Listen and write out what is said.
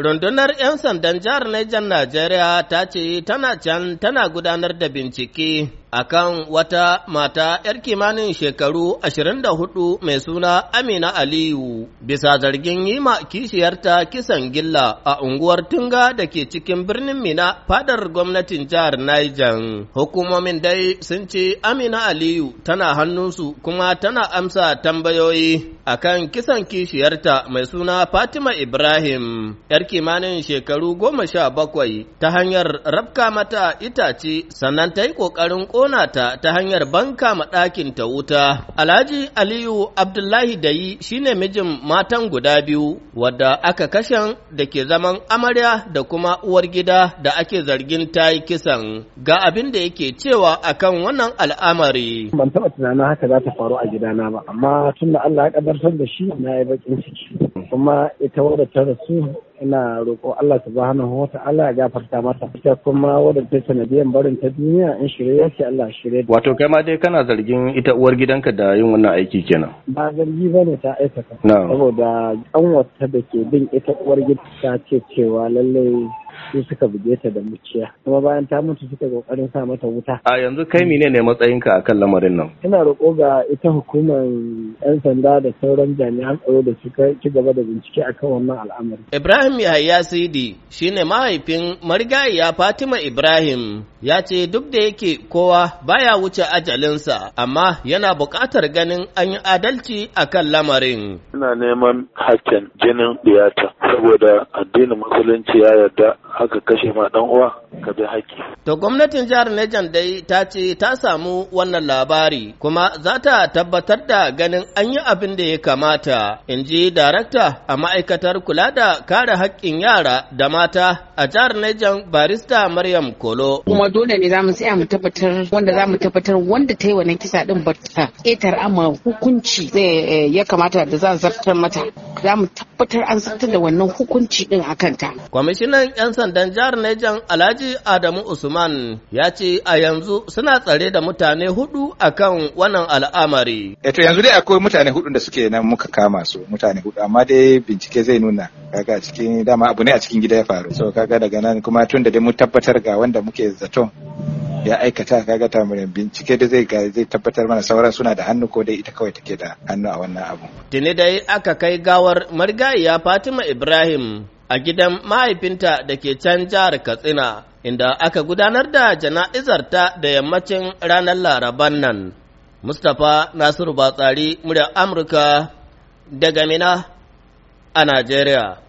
Rundunar 'yan sandan jihar Niger Najeriya ta ce tana can tana gudanar da bincike akan wata mata 'yar kimanin shekaru 24 mai suna Amina Aliyu bisa zargin yi ma kishiyarta kisan gilla a unguwar Tunga da ke cikin birnin Mina fadar gwamnatin jihar Niger. Hukumomin dai sun ce Amina Aliyu tana hannunsu kuma tana amsa tambayoyi akan kisan kishiyarta mai suna Fatima Ibrahim 'yar kimanin shekaru goma sha bakwai, ta hanyar rabka mata itace sannan ta yi ƙoƙarin ƙona ta ta hanyar banka ma ɗakin ta wuta. Alhaji Aliyu Abdullahi Dayi ne mijin matan guda biyu wadda aka kashen da ke zaman amarya da kuma uwar gida da ake zargin ta yi kisan. Ga abin da yake cewa akan wannan al'amari. Ban taɓa tunanin haka za ta faru a gidana ba, amma tun da Allah ya ƙadartar da shi na yi baƙin ciki. kuma ita wadda ta rasu ina roƙo Allah bahana wata Allah ya gafarta mata ita kuma wadda ta sanadiyan barin ta duniya in shirye ce Allah shirye wato kai ma dai kana zargin ita uwar gidanka da yin wannan aiki kenan ba zargi bane ta aikata saboda an da ke bin ita uwar gidanka ta ce cewa lallai sai suka buge ta da muciya kuma bayan ta mutu suka kokarin sa mata wuta a yanzu kai mine ne matsayinka akan lamarin nan ina roƙo ga ita hukumar yan sanda da sauran jami'an tsaro da suka ci gaba da bincike akan wannan al'amari Ibrahim Yahaya Sidi shine mahaifin marigayiya Fatima Ibrahim ya ce duk da yake kowa baya wuce ajalinsa amma yana buƙatar ganin an yi adalci akan lamarin ina neman hakkin jinin diyata saboda addinin musulunci ya yarda aka kashe ma dan uwa ka bi haƙƙi. To gwamnatin jihar Niger dai ta ce ta samu wannan labari kuma za ta tabbatar da ganin an yi abin da ya kamata in ji darakta a ma'aikatar kula da kare haƙƙin yara da mata a jihar Niger barista Maryam Kolo. Kuma dole ne za mu tsaya mu tabbatar wanda za mu tabbatar wanda ta yi wannan kisa din ba ta ƙetar ama hukunci zai eh, ya kamata da za zartar mata. Za mu tabbatar an zartar da wannan hukunci din a kanta. Kwamishinan 'yan sandan jihar Nejan Alhaji Adamu Usman ya ce a yanzu suna tsare da mutane hudu akan wannan al'amari. Eto eh, yanzu dai akwai mutane hudu da suke nan muka kama su mutane hudu amma dai bincike zai nuna kaga cikin dama abu ne a cikin gida ya faru. So kaga daga nan kuma tun da dai mun tabbatar ga wanda muke zaton ya aikata kaga tamarin bincike da zai zai tabbatar mana sauran suna da hannu ko dai ita kawai take da hannu a wannan abu tuni dai aka kai gawar marigayiya fatima ibrahim a gidan mahaifinta da ke can jihar katsina inda aka gudanar da jana'izar ta da yammacin ranar laraban nan mustapha nasiru batsari muryar amurka daga mina a najeriya